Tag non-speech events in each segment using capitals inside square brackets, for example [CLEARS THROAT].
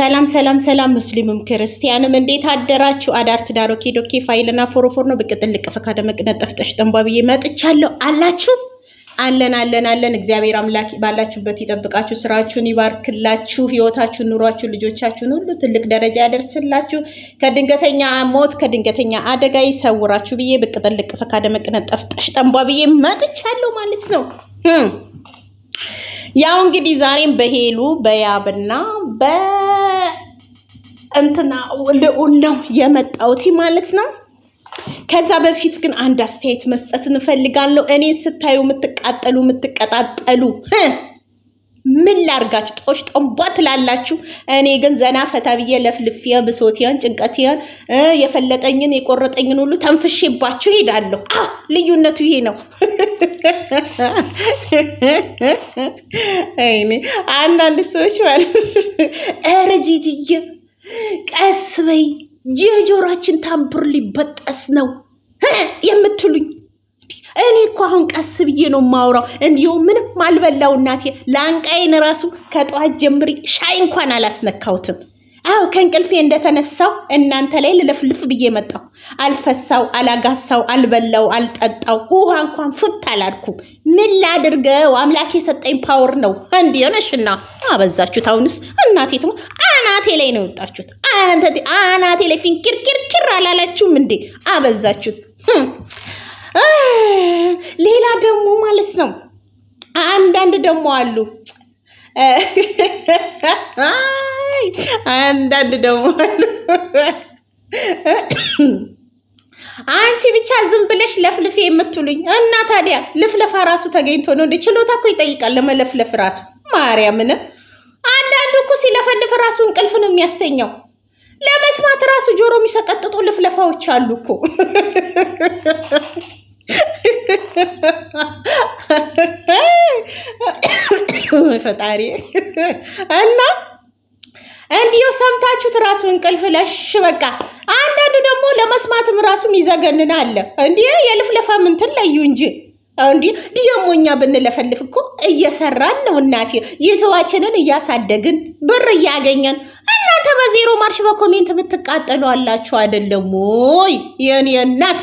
ሰላም ሰላም ሰላም ሙስሊምም ክርስቲያንም እንዴት አደራችሁ? አዳር ትዳር ኦኬ ዶኬ ፋይልና ፎሮፎር ነው ብቅ ጥልቅ ፈካ ደመቅ ጠሽ ብዬ መጥቻለሁ። አላችሁ አለን አለን አለን። እግዚአብሔር አምላክ ባላችሁበት ይጠብቃችሁ፣ ስራችሁን ይባርክላችሁ፣ ህይወታችሁን፣ ኑሯችሁን፣ ልጆቻችሁን ሁሉ ትልቅ ደረጃ ያደርስላችሁ፣ ከድንገተኛ ሞት ከድንገተኛ አደጋ ይሰውራችሁ ብዬ ብቅ ጥልቅ ፈካ ደመቅ ጠሽ ጠንቧ ብዬ መጥቻለሁ ማለት ነው። ያው እንግዲህ ዛሬም በሄሉ በያብና በ እንትና ልዑል ነው የመጣውቲ ማለት ነው። ከዛ በፊት ግን አንድ አስተያየት መስጠት እንፈልጋለሁ። እኔ ስታዩ የምትቃጠሉ የምትቀጣጠሉ ምን ላርጋችሁ? ጦሽ ጦምቧ ትላላችሁ። እኔ ግን ዘና ፈታ ብዬ ብሶትያን ጭንቀትያን የፈለጠኝን የቆረጠኝን ሁሉ ተንፍሼባችሁ ሄዳለሁ። ልዩነቱ ይሄ ነው። [LAUGHS] አንዳንድ ሰዎች ማለት ኧረ ጂጂዬ ቀስ በይ የጆሯችን ታምቡር ሊበጠስ ነው የምትሉኝ እኔ እኮ አሁን ቀስ ብዬ ነው የማውራው። እንዲሁ ምንም አልበላው እናቴ፣ ለአንቃይን ራሱ ከጠዋት ጀምሪ ሻይ እንኳን አላስነካሁትም። አዎ ከእንቅልፌ እንደተነሳው እናንተ ላይ ልለፍልፍ ብዬ መጣሁ። አልፈሳው፣ አላጋሳው፣ አልበላው፣ አልጠጣው ውሃ እንኳን ፉት አላልኩ። ምን ላድርገው? አምላክ የሰጠኝ ፓወር ነው። እንዲ ሆነሽና አበዛችሁት። አሁንስ እናቴ ትሞ አናቴ ላይ ነው የወጣችሁት። አናቴ ላይ ፊንኪርኪርኪር አላላችሁም እንዴ? አበዛችሁት። hm። ሌላ ደግሞ ማለት ነው አንዳንድ ደግሞ አሉ [LAUGHS] አንዳንድ ደግሞ አንቺ ብቻ ዝም ብለሽ ለፍልፌ የምትሉኝ እና ታዲያ ልፍለፋ ራሱ ተገኝቶ ነው እንደ ችሎታ እኮ ይጠይቃል ለመለፍለፍ ራሱ ማርያምን። አንዳንዱ እኮ ሲለፈልፍ ራሱ እንቅልፍ ነው የሚያስተኛው። ለመስማት ራሱ ጆሮ የሚሰቀጥጡ ልፍለፋዎች አሉ እኮ። ፈጣሪ እና እንዲሁ ሰምታችሁት ራሱ እንቅልፍ ለሽ በቃ። አንዳንዱ ደግሞ ለመስማትም ራሱ ይዘገንን አለ። እንዲህ የልፍለፋ ምንትን ለዩ እንጂ እንዲ ዲየሞኛ ብንለፈልፍ እኮ እየሰራን ነው እናቴ፣ የትዋችንን እያሳደግን ብር እያገኘን እናንተ በዜሮ ማርሽ በኮሜንት የምትቃጠሉ አላችሁ አይደለም ወይ የኔ እናት?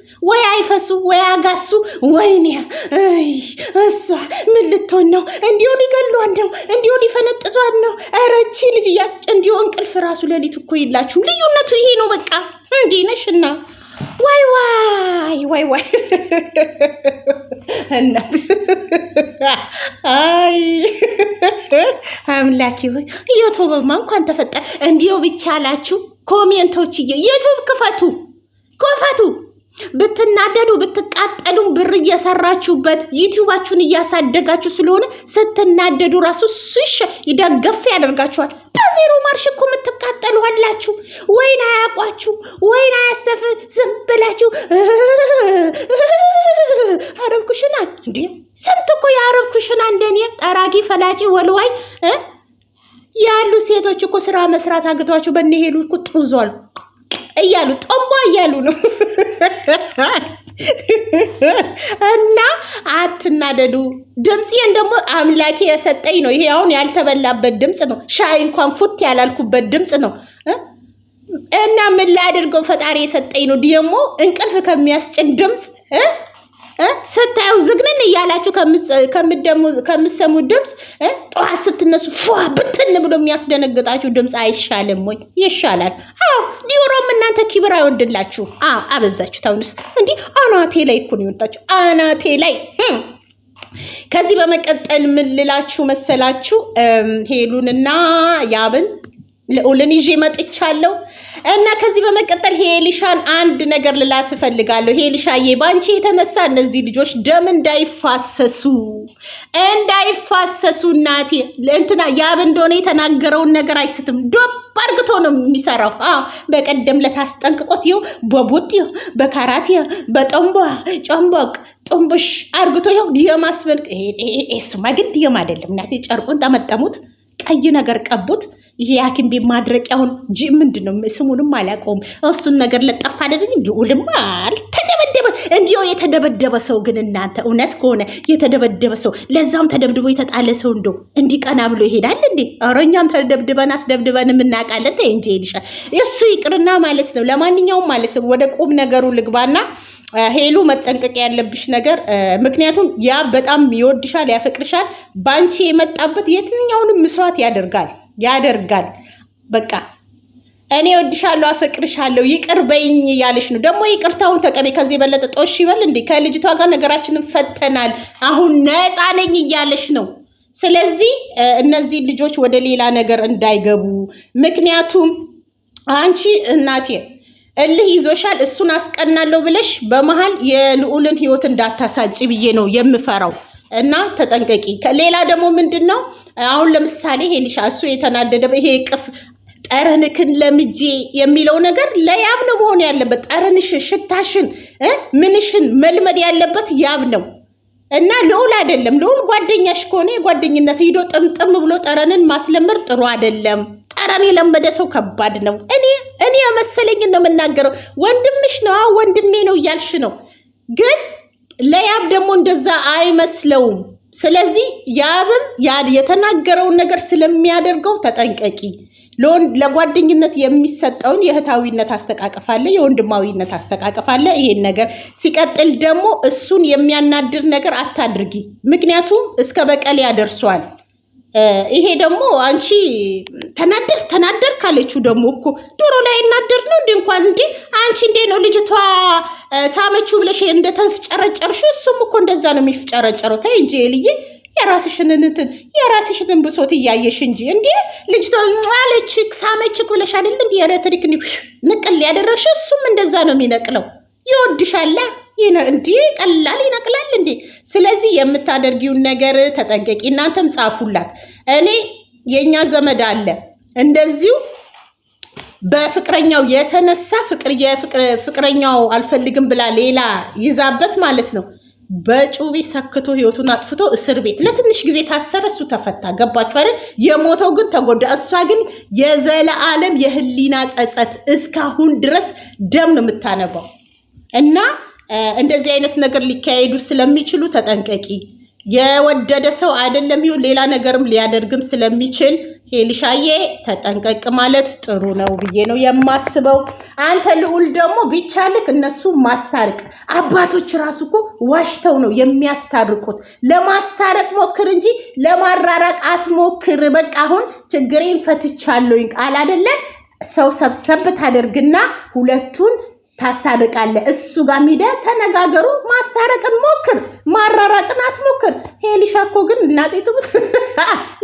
ወይ አይፈሱ ወይ አጋሱ ይ እሷ ምን ልትሆን ነው? እንዲሁ ሊገሏን ነው፣ እንዲሁ ሊፈነጥዟን ነው። ረቺ ይቺ ልጅ እንዲሁ እንቅልፍ ራሱ ሌሊት እኮ ይላችሁ ልዩነቱ ይሄ ነው በቃ። እንዲህ ነሽና ዋይ ዋይ ወይ ዋይ [LAUGHS] እናት አይ አምላኪ ሆይ ዩቱብማ እንኳን ተፈጠረ። እንዲሁ ብቻ አላችሁ ኮሜንቶችዬ ዩቱብ ክፈቱ ክፈቱ። ብትናደዱ ብትቃጠሉም ብር እየሰራችሁበት ዩቲዩባችሁን እያሳደጋችሁ ስለሆነ ስትናደዱ ራሱ ሱሽ ይደገፍ ያደርጋችኋል። በዜሮ ማርሽ እኮ የምትቃጠሉ አላችሁ። ወይን አያቋችሁ፣ ወይን አያስተፍ ዝም ብላችሁ [LAUGHS] አረብ ኩሽናን እንዲ ስንት እኮ የአረብ ኩሽና እንደኔ ጠራጊ ፈላጪ ወልዋይ ያሉ ሴቶች እኮ ስራ መስራት አግቷቸው በነሄዱ እኮ ጥዟል እያሉ ጦምቧ እያሉ ነው። [LAUGHS] እና አትናደዱ። ድምፄን ደግሞ አምላኬ የሰጠኝ ነው። ይሄ አሁን ያልተበላበት ድምፅ ነው። ሻይ እንኳን ፉት ያላልኩበት ድምፅ ነው። እና ምን ላድርገው? ፈጣሪ የሰጠኝ ነው። ደግሞ እንቅልፍ ከሚያስጭን ድምፅ ስታዩ ዝግንን እያላችሁ ከምትሰሙት ድምፅ ጠዋት ስትነሱ ፏ ብትን ብሎ የሚያስደነግጣችሁ ድምፅ አይሻልም ወይ? ይሻላል። አዎ ዲዮሮም እናንተ ኪብር አይወድላችሁ። አዎ አበዛችሁ። ታውንስ እንዲህ አናቴ ላይ እኮ ነው የወጣችሁ፣ አናቴ ላይ ከዚህ በመቀጠል ምን ልላችሁ መሰላችሁ ሄሉንና ያብን ልዑልን ይዤ መጥቻለሁ እና ከዚህ በመቀጠል ሄሊሻን አንድ ነገር ልላት እፈልጋለሁ። ሄሊሻዬ በአንቺ የተነሳ እነዚህ ልጆች ደም እንዳይፋሰሱ እንዳይፋሰሱ እናቴ እንትና ያብ እንደሆነ የተናገረውን ነገር አይስትም። ዶብ አርግቶ ነው የሚሰራው። በቀደም ለታስጠንቅቆት ይኸው በቦት በካራት ይው በጠንቧ ጨንቧቅ ጥንቡሽ አርግቶ ይው የማስበልቅ ስማ ግን የም አይደለም እናቴ ጨርቁን ጠመጠሙት፣ ቀይ ነገር ቀቡት። ይሄ የሐኪም ቤት ማድረቂያውን ምንድን ነው ስሙንም አላውቀውም። እሱን ነገር ለጠፋ አደረኝ ልዑልማ አልተደበደበ እንዲያው የተደበደበ ሰው ግን እናንተ እውነት ከሆነ የተደበደበ ሰው ለዛም ተደብድቦ የተጣለ ሰው እንደው እንዲቀና ብሎ ይሄዳል እንዴ? ኧረ እኛም ተደብድበን አስደብድበን የምናውቃለን። ተይ እንጂ ሄድሻል። እሱ ይቅርና ማለት ነው። ለማንኛውም ማለት ነው ወደ ቁም ነገሩ ልግባና ሄሉ መጠንቀቅ ያለብሽ ነገር ምክንያቱም ያ በጣም ይወድሻል፣ ያፈቅርሻል። በአንቺ የመጣበት የትኛውንም ምስዋት ያደርጋል። ያደርጋል። በቃ እኔ ወድሻለሁ፣ አፈቅርሻለሁ፣ ይቅር በይኝ እያለሽ ነው። ደግሞ ይቅርታውን ተቀበይ። ከዚህ የበለጠ ጦሽ ይበል እንዴ? ከልጅቷ ጋር ነገራችንን ፈተናል፣ አሁን ነፃ ነኝ እያለሽ ነው። ስለዚህ እነዚህ ልጆች ወደ ሌላ ነገር እንዳይገቡ፣ ምክንያቱም አንቺ እናቴ እልህ ይዞሻል፣ እሱን አስቀናለሁ ብለሽ በመሀል የልዑልን ህይወት እንዳታሳጭ ብዬ ነው የምፈራው። እና ተጠንቀቂ። ሌላ ደግሞ ምንድን ነው አሁን ለምሳሌ ይሄ ልሻ እሱ የተናደደ ይሄ ቅፍ ጠረንክን ለምጄ የሚለው ነገር ለያብ ነው መሆን ያለበት። ጠረንሽን፣ ሽታሽን፣ ምንሽን መልመድ ያለበት ያብ ነው እና ልዑል አይደለም። ልዑል ጓደኛሽ ከሆነ የጓደኝነት ሂዶ ጥምጥም ብሎ ጠረንን ማስለመድ ጥሩ አይደለም። ጠረን የለመደ ሰው ከባድ ነው። እኔ እኔ የመሰለኝ ነው የምናገረው። ወንድምሽ ነው ወንድሜ ነው እያልሽ ነው፣ ግን ለያብ ደግሞ እንደዛ አይመስለውም። ስለዚህ ያብም የተናገረውን ነገር ስለሚያደርገው ተጠንቀቂ። ለጓደኝነት የሚሰጠውን የእህታዊነት አስተቃቀፍ አለ፣ የወንድማዊነት አስተቃቀፍ አለ። ይሄን ነገር ሲቀጥል ደግሞ እሱን የሚያናድር ነገር አታድርጊ፣ ምክንያቱም እስከ በቀል ያደርሷል። ይሄ ደግሞ አንቺ ተናደር ተናደር ካለችው ደግሞ እኮ ዶሮ ላይ እናደር ነው እንዴ? እንኳን እንዴ አንቺ እንዴ ነው ልጅቷ ሳመችው ብለሽ እንደተፍጨረጨርሽ እሱም እኮ እንደዛ ነው የሚፍጨረጨረው። ተይ እንጂ ልዬ የራስሽን እንትን የራስሽን ብሶት እያየሽ እንጂ እንዴ ልጅቷ አለች ሳመች ብለሽ አይደል እንዴ የኤሌክትሪክ ንቅል ያደረግሽ እሱም እንደዛ ነው የሚነቅለው። ይወድሻል። እንዴ ቀላል ይነቅላል እንዴ! ስለዚህ የምታደርጊውን ነገር ተጠንቀቂ። እናንተም ጻፉላት። እኔ የእኛ ዘመድ አለ እንደዚሁ በፍቅረኛው የተነሳ ፍቅር የፍቅረኛው አልፈልግም ብላ ሌላ ይዛበት ማለት ነው በጩቤ ሰክቶ ህይወቱን አጥፍቶ እስር ቤት ለትንሽ ጊዜ ታሰረ። እሱ ተፈታ። ገባችሁ አይደል? የሞተው ግን ተጎዳ። እሷ ግን የዘለዓለም የህሊና ጸጸት እስካሁን ድረስ ደም ነው የምታነባው እና እንደዚህ አይነት ነገር ሊካሄዱ ስለሚችሉ ተጠንቀቂ። የወደደ ሰው አይደለም ይሁን ሌላ ነገርም ሊያደርግም ስለሚችል ሄልሻዬ ተጠንቀቅ ማለት ጥሩ ነው ብዬ ነው የማስበው። አንተ ልዑል ደግሞ ቢቻልክ እነሱ ማስታርቅ። አባቶች ራሱ እኮ ዋሽተው ነው የሚያስታርቁት። ለማስታረቅ ሞክር እንጂ ለማራራቅ አትሞክር። በቃ አሁን ችግሬን ፈትቻለሁኝ ቃል አደለ ሰው ሰብሰብ ታደርግና ሁለቱን ታስታርቃለህ። እሱ ጋር ሂደህ ተነጋገሩ። ማስታረቅን ሞክር፣ ማራራቅን አትሞክር። ሄሊሻ እኮ ግን እናጤቱ [LAUGHS]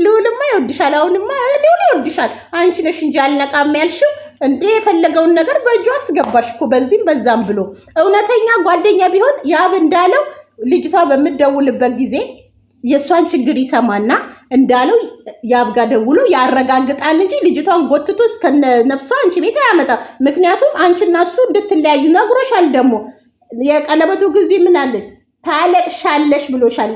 ልውልማ ይወድሻል። አሁንማ ልውል ይወድሻል። አንቺ ነሽ እንጂ አልነቃም ያልሽው እንዴ የፈለገውን ነገር በእጁ አስገባሽ እኮ በዚህም በዛም ብሎ እውነተኛ ጓደኛ ቢሆን ያብ እንዳለው ልጅቷ በምደውልበት ጊዜ የእሷን ችግር ይሰማና እንዳለው ያብ ደውሎ ያረጋግጣል እንጂ ልጅቷን ጎትቶ እስከነ ነፍሷ አንቺ ቤት አያመጣም። ምክንያቱም አንቺና እሱ እንድትለያዩ ነግሮሻል። ደግሞ የቀለበቱ ጊዜ ምን አለች? ታለቅሻለሽ ብሎሻል።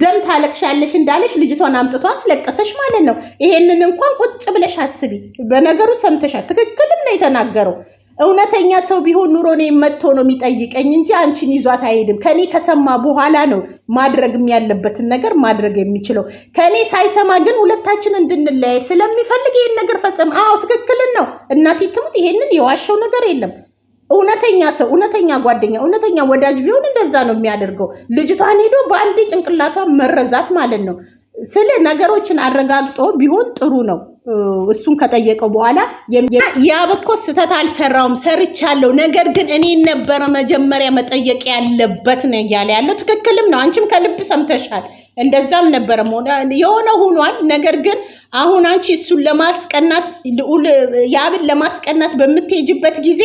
ደም ታለቅሻለሽ እንዳለሽ ልጅቷን አምጥቶ አስለቀሰሽ ማለት ነው። ይሄንን እንኳን ቁጭ ብለሽ አስቢ። በነገሩ ሰምተሻል። ትክክልም ነው የተናገረው እውነተኛ ሰው ቢሆን ኑሮ ነው መጥቶ ነው የሚጠይቀኝ እንጂ አንቺን ይዟት አይሄድም። ከኔ ከሰማ በኋላ ነው ማድረግም ያለበትን ነገር ማድረግ የሚችለው። ከኔ ሳይሰማ ግን ሁለታችን እንድንለያይ ስለሚፈልግ ይሄን ነገር ፈጸም። አዎ ትክክልን ነው። እናቴ ትሙት፣ ይሄንን የዋሸው ነገር የለም። እውነተኛ ሰው፣ እውነተኛ ጓደኛ፣ እውነተኛ ወዳጅ ቢሆን እንደዛ ነው የሚያደርገው። ልጅቷን ሄዶ በአንዴ ጭንቅላቷን መረዛት ማለት ነው። ስለ ነገሮችን አረጋግጦ ቢሆን ጥሩ ነው። እሱን ከጠየቀው በኋላ ያብ እኮ ስህተት አልሰራውም ሰርቻለሁ፣ ነገር ግን እኔ ነበረ መጀመሪያ መጠየቅ ያለበት ነው እያለ ያለው ትክክልም ነው። አንቺም ከልብ ሰምተሻል። እንደዛም ነበረ የሆነ ሁኗል። ነገር ግን አሁን አንቺ እሱን ለማስቀናት ያብን ለማስቀናት በምትሄጅበት ጊዜ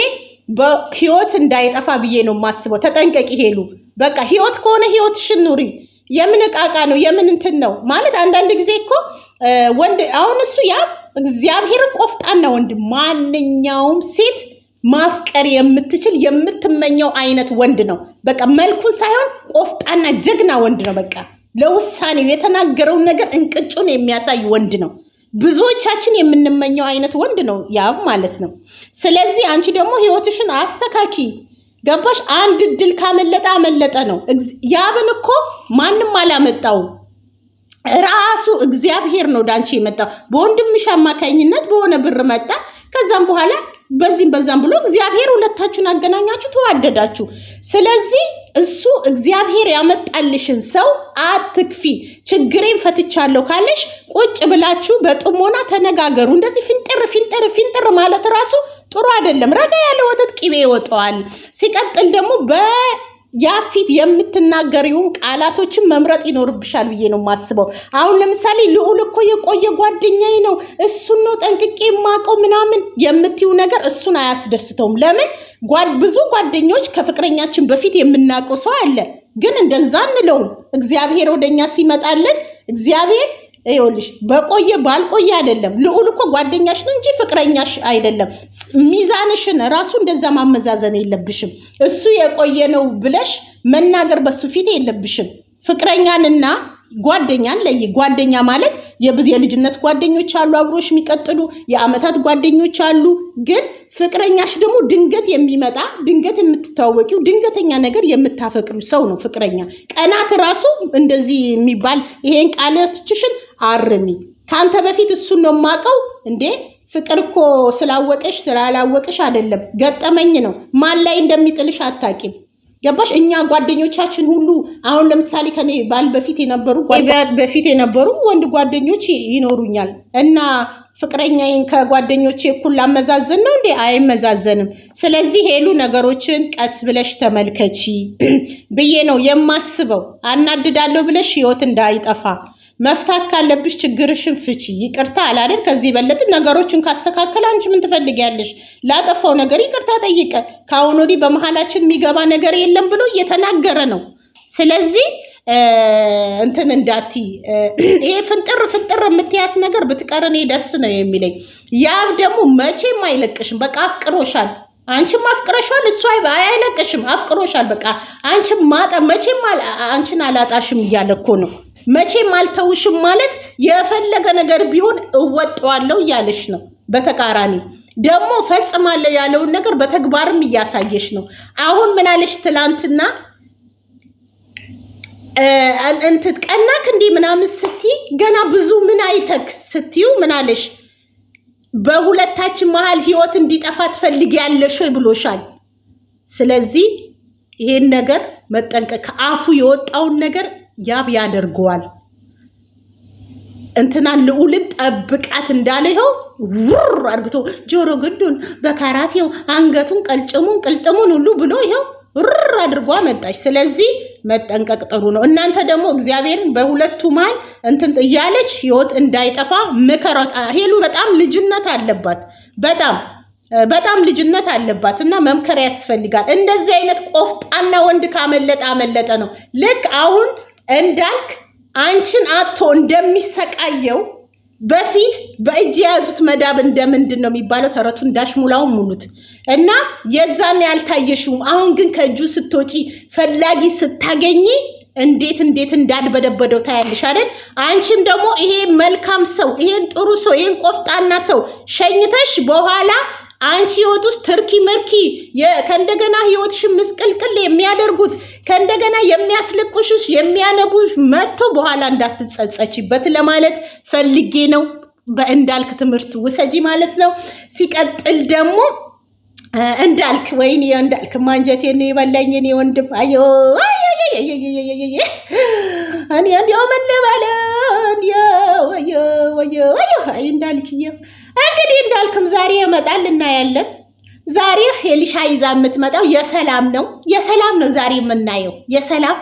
በህይወት እንዳይጠፋ ብዬ ነው የማስበው። ተጠንቀቂ ሄሉ። በቃ ህይወት ከሆነ ህይወትሽን ኑሪ። የምን እቃቃ ነው? የምን እንትን ነው ማለት አንዳንድ ጊዜ እኮ ወንድ አሁን እሱ ያ እግዚአብሔር ቆፍጣና ወንድ ማንኛውም ሴት ማፍቀር የምትችል የምትመኘው አይነት ወንድ ነው። በቃ መልኩ ሳይሆን ቆፍጣና ጀግና ወንድ ነው። በቃ ለውሳኔው የተናገረውን ነገር እንቅጩን የሚያሳይ ወንድ ነው። ብዙዎቻችን የምንመኘው አይነት ወንድ ነው ያ ማለት ነው። ስለዚህ አንቺ ደግሞ ህይወትሽን አስተካኪ። ገባሽ? አንድ እድል ካመለጠ አመለጠ ነው። ያብን እኮ ማንም አላመጣውም። ራሱ እግዚአብሔር ነው ዳንቺ የመጣው። በወንድምሽ አማካኝነት በሆነ ብር መጣ። ከዛም በኋላ በዚህም በዛም ብሎ እግዚአብሔር ሁለታችሁን አገናኛችሁ፣ ተዋደዳችሁ። ስለዚህ እሱ እግዚአብሔር ያመጣልሽን ሰው አትክፊ። ችግሬን ፈትቻለሁ ካለሽ ቁጭ ብላችሁ በጥሞና ተነጋገሩ። እንደዚህ ፊንጥር ፊንጥር ፊንጥር ማለት ራሱ ጥሩ አይደለም። ረጋ ያለ ወተት ቂቤ ይወጣዋል። ሲቀጥል ደግሞ ያፊት የምትናገሪውን ቃላቶችን መምረጥ ይኖርብሻል ብዬ ነው የማስበው። አሁን ለምሳሌ ልዑል እኮ የቆየ ጓደኛዬ ነው እሱን ነው ጠንቅቄ የማውቀው ምናምን የምትይው ነገር እሱን አያስደስተውም። ለምን ብዙ ጓደኞች ከፍቅረኛችን በፊት የምናውቀው ሰው አለ፣ ግን እንደዛ እንለውም። እግዚአብሔር ወደኛ ሲመጣልን እግዚአብሔር ይኸውልሽ በቆየ ባልቆየ አይደለም ልዑል እኮ ጓደኛሽ ነው እንጂ ፍቅረኛሽ አይደለም። ሚዛንሽን ራሱ እንደዛ ማመዛዘን የለብሽም። እሱ የቆየ ነው ብለሽ መናገር በሱ ፊት የለብሽም ፍቅረኛንና ጓደኛን ለይ። ጓደኛ ማለት የብዙ የልጅነት ጓደኞች አሉ፣ አብሮሽ የሚቀጥሉ የአመታት ጓደኞች አሉ። ግን ፍቅረኛሽ ደግሞ ድንገት የሚመጣ ድንገት የምትታወቂው ድንገተኛ ነገር የምታፈቅሩ ሰው ነው ፍቅረኛ። ቀናት ራሱ እንደዚህ የሚባል ይሄን ቃላትሽን አርሚ። ከአንተ በፊት እሱን ነው የማውቀው እንዴ ፍቅር እኮ ስላወቀሽ ስላላወቀሽ አይደለም፣ ገጠመኝ ነው። ማን ላይ እንደሚጥልሽ አታቂም። ገባሽ? እኛ ጓደኞቻችን ሁሉ አሁን ለምሳሌ ከኔ ባል በፊት የነበሩ በፊት የነበሩ ወንድ ጓደኞች ይኖሩኛል እና ፍቅረኛዬን ከጓደኞቼ እኩል አመዛዘን ነው እንዴ? አይመዛዘንም። ስለዚህ ሄሉ ነገሮችን ቀስ ብለሽ ተመልከቺ [CLEARS THROAT] ብዬ ነው የማስበው። አናድዳለሁ ብለሽ ህይወት እንዳይጠፋ መፍታት ካለብሽ ችግርሽን ፍቺ። ይቅርታ አላደል ከዚህ በለጥ ነገሮችን ካስተካከል አንቺ ምን ትፈልጊያለሽ? ላጠፋው ነገር ይቅርታ ጠይቀ ከአሁን ወዲህ በመሀላችን የሚገባ ነገር የለም ብሎ እየተናገረ ነው። ስለዚህ እንትን እንዳቲ ይሄ ፍንጥር ፍንጥር የምትያት ነገር ብትቀረኔ ደስ ነው የሚለኝ። ያብ ደግሞ መቼም አይለቅሽም። በቃ አፍቅሮሻል፣ አንቺም አፍቅረሻል። እሱ አይለቅሽም፣ አፍቅሮሻል። በቃ አንቺም ማጠ መቼም አንቺን አላጣሽም እያለ እኮ ነው መቼም አልተውሽም ማለት የፈለገ ነገር ቢሆን እወጣዋለሁ እያለሽ ነው። በተቃራኒ ደግሞ ፈጽማለሁ ያለውን ነገር በተግባርም እያሳየሽ ነው። አሁን ምን አለሽ? ትላንትና እንትን ቀናክ እንዲህ ምናምን ስትይ ገና ብዙ ምን አይተክ ስትዩ ምን አለሽ? በሁለታችን መሀል ህይወት እንዲጠፋ ትፈልጊያለሽ ብሎሻል። ስለዚህ ይሄን ነገር መጠንቀቅ ከአፉ የወጣውን ነገር ያብ ያደርገዋል። እንትናን ልዑልን ጠብቃት እንዳለ ይኸው ውር አርግቶ ጆሮ ግንዱን በካራቴው አንገቱን ቀልጭሙን ቅልጥሙን ሁሉ ብሎ ይኸው ውር አድርጓ መጣች። ስለዚህ መጠንቀቅ ጥሩ ነው። እናንተ ደግሞ እግዚአብሔርን በሁለቱ መሀል እንትን እያለች ህይወት እንዳይጠፋ ምከሯት። ሄሉ በጣም ልጅነት አለባት፣ በጣም በጣም ልጅነት አለባት እና መምከር ያስፈልጋል። እንደዚህ አይነት ቆፍጣና ወንድ ካመለጠ አመለጠ ነው ልክ አሁን እንዳልክ አንቺን አቶ እንደሚሰቃየው በፊት በእጅ የያዙት መዳብ እንደምንድን ነው የሚባለው? ተረቱን ሙላውን ሙሉት እና የዛን ያልታየሽውም አሁን ግን ከእጁ ስትወጪ ፈላጊ ስታገኝ እንዴት እንዴት እንዳልበደበደው ታያለሽ አይደል? አንቺም ደግሞ ይሄ መልካም ሰው ይሄን ጥሩ ሰው ይሄን ቆፍጣና ሰው ሸኝተሽ በኋላ አንቺ ህይወት ውስጥ ትርኪ ምርኪ ከእንደገና ህይወትሽን ምስቅልቅል የሚያደርጉት ከእንደገና የሚያስለቅሱሽ የሚያነቡሽ መጥቶ በኋላ እንዳትጸጸችበት ለማለት ፈልጌ ነው። በእንዳልክ ትምህርት ውሰጂ ማለት ነው። ሲቀጥል ደግሞ እንዳልክ ወይኔ እንዳልክ ማንጀቴ ነው የበላኝ። እኔ ወንድም አዮ እኔ እንዲያው ምን ልበል እንዲያው አዮ አዮ አዮ አይ እንዳልክዬ እንግዲህ እንዳልክም ዛሬ ይመጣል እናያለን። ዛሬ ሄልሻ ይዛ የምትመጣው የሰላም ነው። የሰላም ነው ዛሬ የምናየው የሰላም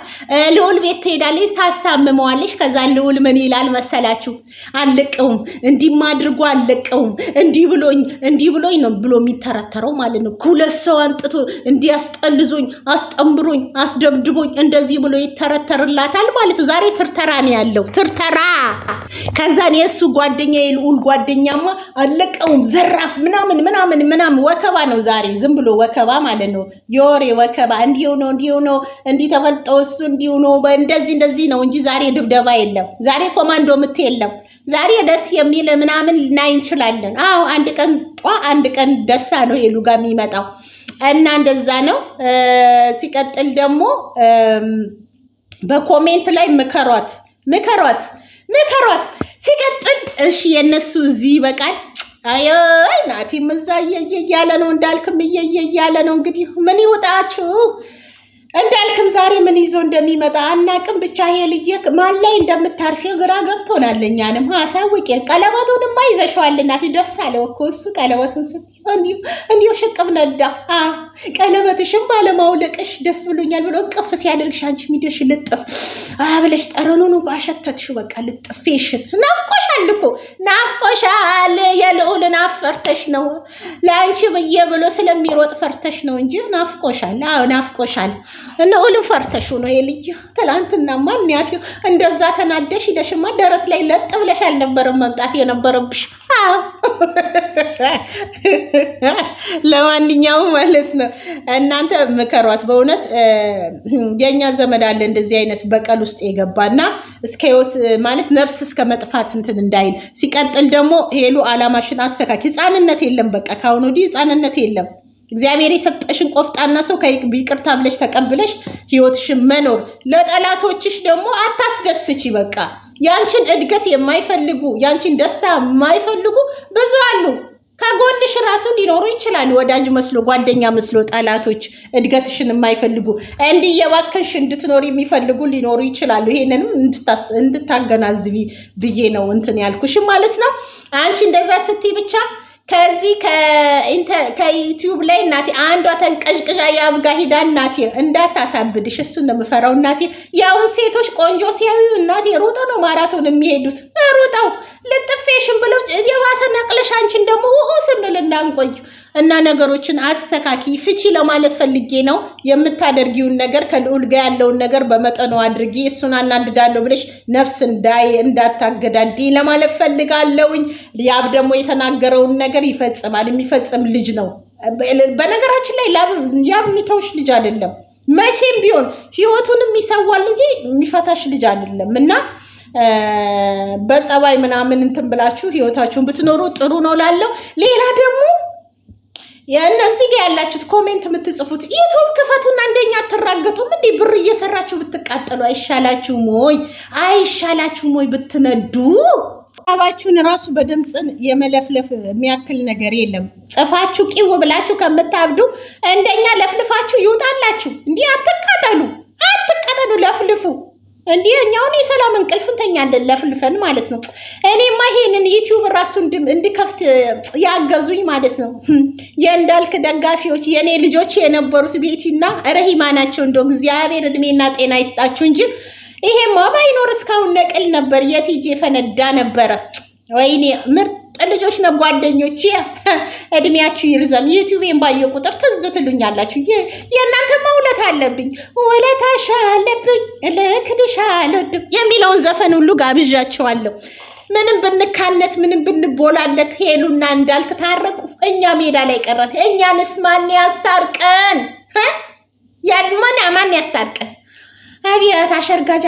ልዑል ቤት ትሄዳለች፣ ታስታምመዋለች። ከዛ ልዑል ምን ይላል መሰላችሁ? አልቀውም፣ እንዲህም አድርጎ አልቀውም፣ እንዲህ ብሎኝ እንዲህ ብሎኝ ነው ብሎ የሚተረተረው ማለት ነው። ሁለት ሰው አንጥቶ እንዲህ አስጠልዞኝ፣ አስጠንብሮኝ፣ አስደብድቦኝ እንደዚህ ብሎ ይተረተርላታል ማለት ነው። ዛሬ ትርተራ ነው ያለው ትርተራ። ከዛን የእሱ ጓደኛ የልዑል ጓደኛማ አልቀውም፣ ዘራፍ ምናምን ምናምን ምናምን ወከባ ነው ነው ዛሬ ዝም ብሎ ወከባ ማለት ነው። የወሬ ወከባ እንዲሁ ነው እንዲሁ ነው እንዲህ ተፈልጦ እሱ እንዲሁ ነው እንደዚህ እንደዚህ ነው እንጂ ዛሬ ድብደባ የለም። ዛሬ ኮማንዶ ምት የለም። ዛሬ ደስ የሚል ምናምን ልናይ እንችላለን። አዎ አንድ ቀን ጧ አንድ ቀን ደስታ ነው ሄሉ ጋር የሚመጣው እና እንደዛ ነው። ሲቀጥል ደግሞ በኮሜንት ላይ ምከሯት ምከሯት ምከሯት። ሲቀጥል እሺ የእነሱ እዚህ ይበቃል። አይ ናቲም እዛ እየየ እያለ ነው፣ እንዳልክም እየየ እያለ ነው። እንግዲህ ምን ይውጣችሁ? እንዳልክም ዛሬ ምን ይዞ እንደሚመጣ አናቅም። ብቻ ሄልዬ ማን ላይ እንደምታርፊ ግራ ገብቶናል። እኛንም አሳውቄን ቀለበቱንማ ይዘሸዋል እናቴ። ደስ አለው እኮ እሱ ቀለበቱን ስትሆን እንዲሁ ሽቅብ ነዳ። ቀለበትሽም ባለማውለቅሽ ደስ ብሎኛል ብሎ ቅፍ ሲያደርግሽ አንቺ ሚደሽ ልጥፍ ብለሽ ጠረኑን እንኳ አሸተትሽ። በቃ ልጥፌሽን ናፍቆሻል እኮ ናፍቆሻል። የልዑልን ፈርተሽ ነው ለአንቺ ብዬ ብሎ ስለሚሮጥ ፈርተሽ ነው እንጂ ናፍቆሻል። ናፍቆሻል። እነ ኦል ፈርተሹ ነው የልጅ ትላንትና ያት እንደዛ ተናደሽ ሂደሽማ ደረት ላይ ለጥ ብለሽ አልነበረም መምጣት የነበረብሽ። [LAUGHS] ለማንኛውም ማለት ነው እናንተ ምከሯት። በእውነት የእኛ ዘመድ አለ እንደዚህ አይነት በቀል ውስጥ የገባና እስከ ህይወት ማለት ነፍስ እስከ መጥፋት እንትን እንዳይል። ሲቀጥል ደግሞ ሄሉ አላማሽን አስተካክ ህፃንነት የለም በቃ ከአሁን ወዲህ ህፃንነት የለም። እግዚአብሔር የሰጠሽን ቆፍጣና ሰው ይቅርታ ብለሽ ተቀብለሽ ህይወትሽን መኖር፣ ለጠላቶችሽ ደግሞ አታስደስች በቃ ያንቺን እድገት የማይፈልጉ ያንቺን ደስታ የማይፈልጉ ብዙ አሉ። ከጎንሽ ራሱ ሊኖሩ ይችላሉ። ወዳጅ መስሎ፣ ጓደኛ መስሎ ጠላቶች እድገትሽን የማይፈልጉ እንዲ እየባከንሽ እንድትኖር የሚፈልጉ ሊኖሩ ይችላሉ። ይሄንንም እንድታገናዝቢ ብዬ ነው እንትን ያልኩሽ ማለት ነው። አንቺ እንደዛ ስትይ ብቻ ከዚህ ከዩቲዩብ ላይ እናቴ አንዷ ተንቀዥቅዣ የአብ ሂዳ እናቴ እንዳታሳብድሽ፣ እሱ ነው የምፈራው እናቴ። ያውን ሴቶች ቆንጆ ሲያዩ እናቴ ሩጠው ነው ማራቶን የሚሄዱት፣ ሩጠው ልጥፌሽን ብለው የባሰ ነቅለሽ አንቺን ደግሞ ውኡ ስንል እናንቆዩ እና ነገሮችን አስተካኪ ፍቺ ለማለት ፈልጌ ነው። የምታደርጊውን ነገር ከልዑል ያለውን ነገር በመጠኑ አድርጊ፣ እሱን አናድዳለሁ ብለሽ ነፍስ እንዳይ እንዳታገዳዲ ለማለት ፈልጋለውኝ። ያብ ደግሞ የተናገረውን ነገር ይፈጽማል። የሚፈጽም ልጅ ነው። በነገራችን ላይ ያብ የሚተውሽ ልጅ አይደለም። መቼም ቢሆን ህይወቱንም ይሰዋል እንጂ የሚፈታሽ ልጅ አይደለም እና በጸባይ ምናምን እንትን ብላችሁ ህይወታችሁን ብትኖሩ ጥሩ ነው ላለው ሌላ ደግሞ እነዚህ ጋ ያላችሁት ኮሜንት የምትጽፉት ዩቱብ ክፈቱና እንደኛ አትራገጡም እንዴ? ብር እየሰራችሁ ብትቃጠሉ አይሻላችሁም ወይ? አይሻላችሁም ወይ ብትነዱ? ሀሳባችሁን ራሱ በድምፅ የመለፍለፍ የሚያክል ነገር የለም። ጽፋችሁ ቂው ብላችሁ ከምታብዱ እንደኛ ለፍልፋችሁ ይውጣላችሁ። እንዲህ አትቃጠሉ፣ አትቃጠሉ፣ ለፍልፉ። እንዲህ እኛውን የሰላም እንቅልፍ እንተኛለን ለፍልፈን ማለት ነው። እኔማ ይሄንን ዩቲዩብ ራሱ እንድከፍት ያገዙኝ ማለት ነው hm የእንዳልክ ደጋፊዎች የእኔ ልጆች የነበሩት ቤቲና ረሂማ ናቸው። እንደው እግዚአብሔር እድሜና ጤና ይስጣችሁ እንጂ ይሄማ ባይኖር እስካሁን ነቅል ነበር የቲጄ ፈነዳ ነበረ። ወይኔ ምርጥ ልጆች ነው ጓደኞች፣ [LAUGHS] እድሜያችሁ ይርዘም። ዩቲዩብን ባየ ቁጥር ትዝ ትሉኛላችሁ። የእናንተማ ውለታ አለብኝ፣ ውለታሽ አለብኝ፣ ልክድሽ አልወድም የሚለውን ዘፈን ሁሉ ጋብዣቸዋለሁ። ምንም ብንካነት፣ ምንም ብንቦላለክ፣ ሄሉና እንዳልክ ታረቁ፣ እኛ ሜዳ ላይ ቀረን። እኛንስ ማን ያስታርቀን? ማን ያስታርቀን? አብያት አሸርጋጅ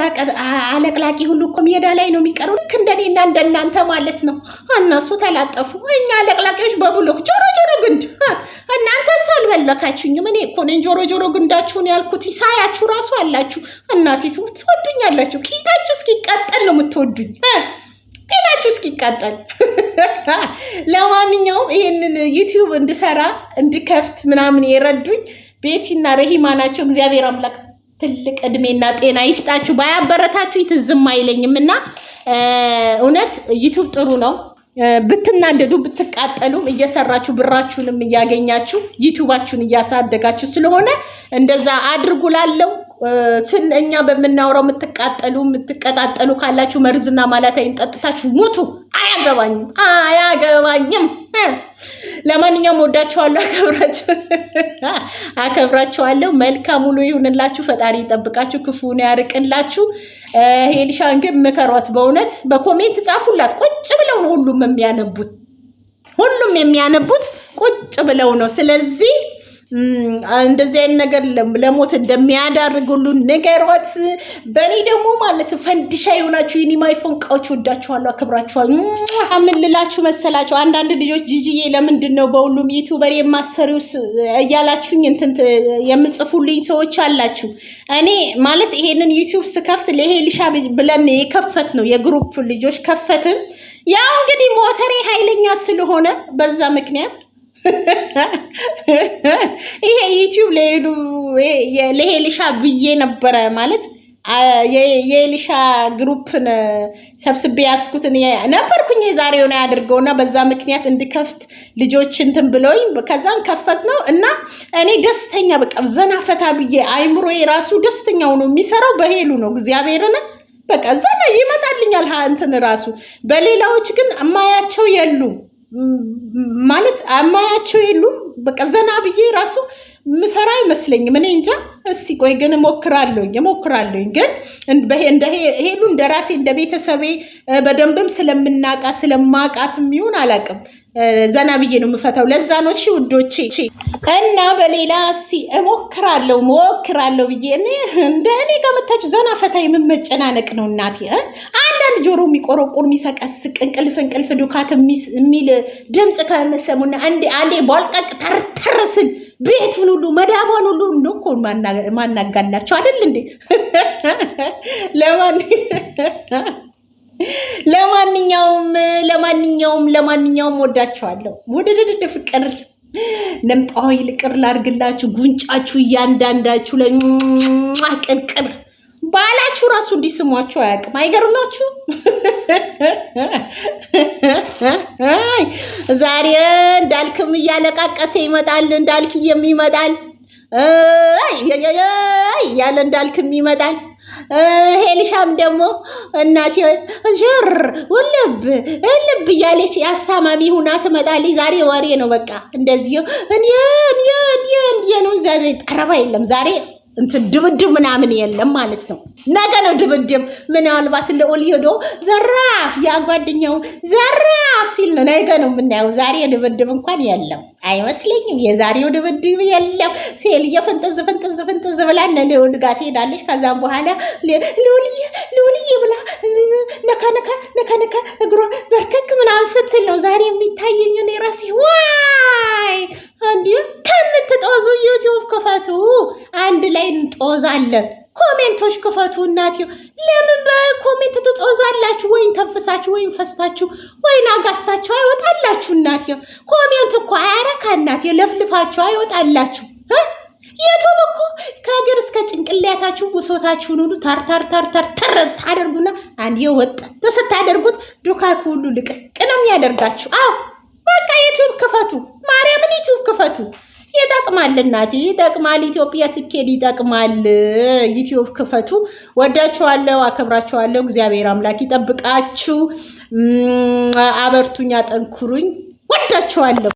አለቅላቂ ሁሉ እኮ ሜዳ ላይ ነው የሚቀሩ፣ ልክ እንደኔና እንደናንተ ማለት ነው። እነሱ ተላጠፉ፣ እኛ አለቅላቂዎች በብሎክ ጆሮ ጆሮ ግንድ። እናንተስ አልበለካችሁኝም። እኔ እኮ ነኝ ጆሮ ጆሮ ግንዳችሁን ያልኩት። ሳያችሁ ራሱ አላችሁ። እናቴቱ ትወዱኛላችሁ። ቂጣችሁ እስኪቀጠል ነው የምትወዱኝ ጤናችሁ እስኪቃጠል። [LAUGHS] ለማንኛውም ይህንን ዩቲዩብ እንድሰራ እንድከፍት ምናምን የረዱኝ ቤቲና ረሂማ ናቸው። እግዚአብሔር አምላክ ትልቅ እድሜና ጤና ይስጣችሁ። ባያበረታችሁ ትዝም አይለኝም እና እውነት ዩቱብ ጥሩ ነው። ብትናደዱ ብትቃጠሉም እየሰራችሁ ብራችሁንም እያገኛችሁ ዩቱባችሁን እያሳደጋችሁ ስለሆነ እንደዛ አድርጉ ላለው እኛ በምናወራው የምትቃጠሉ የምትቀጣጠሉ ካላችሁ መርዝና ማላታይን ጠጥታችሁ ሙቱ። አያገባኝም፣ አያገባኝም። ለማንኛውም ወዳችኋለሁ፣ አከብራችኋለሁ። መልካም ሙሉ ይሁንላችሁ። ፈጣሪ ይጠብቃችሁ፣ ክፉን ያርቅላችሁ። ሄልሻን ግን ምከሯት በእውነት በኮሜንት ጻፉላት። ቁጭ ብለው ነው ሁሉም የሚያነቡት፣ ሁሉም የሚያነቡት ቁጭ ብለው ነው። ስለዚህ እንደዚህ አይነት ነገር ለሞት እንደሚያዳርግ ሁሉ ንገሯት። በእኔ ደግሞ ማለት ፈንድሻ የሆናችሁ የኔ ማይፎን እቃዎች ወዳችኋለሁ፣ አክብራችኋለሁ። ምን ልላችሁ መሰላችሁ? አንዳንድ ልጆች ጂጂዬ ለምንድን ነው በሁሉም ዩቱበር የማሰሪው እያላችሁኝ እንትን የምጽፉልኝ ሰዎች አላችሁ። እኔ ማለት ይሄንን ዩቱብ ስከፍት ለሄ ልሻ ብለን የከፈት ነው የግሩፕ ልጆች ከፈትን። ያው እንግዲህ ሞተሬ ኃይለኛ ስለሆነ በዛ ምክንያት ይሄ ዩቲዩብ ለሄሉ ለሄልሻ ብዬ ነበረ ማለት የኤሊሻ ግሩፕን ሰብስቤ ያስኩትን ነበርኩኝ የዛሬ ሆነ እና በዛ ምክንያት እንድከፍት ልጆች እንትን ብለውኝ ከዛም ከፈት ነው እና እኔ ደስተኛ በቃ ዘና ፈታ ብዬ አይምሮ የራሱ ደስተኛ ሆኖ የሚሰራው በሄሉ ነው። እግዚአብሔርን በቃ ዘና ይመጣልኛል እንትን ራሱ በሌላዎች ግን እማያቸው የሉም። ማለት አማያቸው የሉም። በቃ ዘና ብዬ ራሱ ምሰራ አይመስለኝም። እኔ እንጃ። እስቲ ቆይ ግን እሞክራለሁኝ እሞክራለሁኝ ግን ሄሉ እንደ ራሴ እንደ ቤተሰቤ በደንብም ስለምናቃ ስለማቃት ይሁን አላቅም ዘና ብዬ ነው የምፈታው። ለዛ ነው እሺ ውዶቼ። እና በሌላ እስቲ እሞክራለሁ እሞክራለሁ ብዬ እኔ እንደ እኔ ከመታችሁ ዘና ፈታ የምመጨናነቅ ነው እናቴ አንዳንድ ጆሮ የሚቆረቁር የሚሰቀስቅ እንቅልፍ እንቅልፍ ዱካት የሚል ድምፅ ከመሰሙና አንዴ ቧልቀቅ ተርተርስን ቤቱን ሁሉ መዳቧን ሁሉ እንደ እኮ ማናጋላቸው አይደል እንዴ? [LAUGHS] ለማንኛውም ለማንኛውም ለማንኛውም ወዳቸዋለሁ። ውድድድ ፍቅር ለምጣዊ ልቅር ላርግላችሁ ጉንጫችሁ እያንዳንዳችሁ ላይ ባላችሁ ራሱ እንዲህ ስሟቸው አያውቅም። አይገርማችሁ? ዛሬ እንዳልክም እያለቃቀሰ ይመጣል፣ እንዳልክ የሚመጣል እያለ እንዳልክም ይመጣል። ሄልሻም ደግሞ እናቴ ር ውልብ ልብ እያለች አስታማሚ ሁና ትመጣለች። ዛሬ ወሬ ነው በቃ እንደዚህ እኔ እኔ እኔ ነው። ዛሬ ጠረባ የለም ዛሬ እንትን ድብድብ ምናምን የለም ማለት ነው። ነገ ነው ድብድብ። ምናልባት ልዑል ሄዶ ዘራፍ ያጓደኛው ዘራፍ ሲል ነው ነገ ነው የምናየው። ዛሬ ድብድብ እንኳን የለም አይመስለኝም። የዛሬው ድብድብ የለም። ሴልየ ፍንጥዝ ፍንጥዝ ፍንጥዝ ብላ እነ ልዑል ጋር ትሄዳለች። ከዛም በኋላ ልዑልዬ ልዑልዬ ብላ ነካ ነካ ነካ ነካ እግሯ በርከክ ምናምን ስትል ነው ዛሬ የሚታየኝ እኔ እራሴ ዋይ እንዲህ አለ። ኮሜንቶች ክፈቱ እናት። ለምን በኮሜንት ትጦዛላችሁ? ወይን ተንፍሳችሁ ወይን ፈስታችሁ ወይን አጋስታችሁ አይወጣላችሁ እናት። ኮሜንት እኮ አያረካ እናት፣ ለፍልፋችሁ አይወጣላችሁ። የቱም እኮ ከእግር እስከ ጭንቅላታችሁ ውሶታችሁን ሁሉ ታርታርታርታር ታደርጉና አንድ የወጠት ስታደርጉት ዱካኩ ሁሉ ልቅቅ ነው የሚያደርጋችሁ። አዎ በቃ የቱብ ክፈቱ፣ ማርያምን የቱብ ክፈቱ። ይጠቅማል እናቴ ይጠቅማል። ኢትዮጵያ ስኬድ ይጠቅማል። ዩቲዩብ ክፈቱ። ወዳችኋለሁ፣ አከብራችኋለሁ። እግዚአብሔር አምላክ ይጠብቃችሁ። አበርቱኝ፣ አጠንክሩኝ። ወዳችኋለሁ።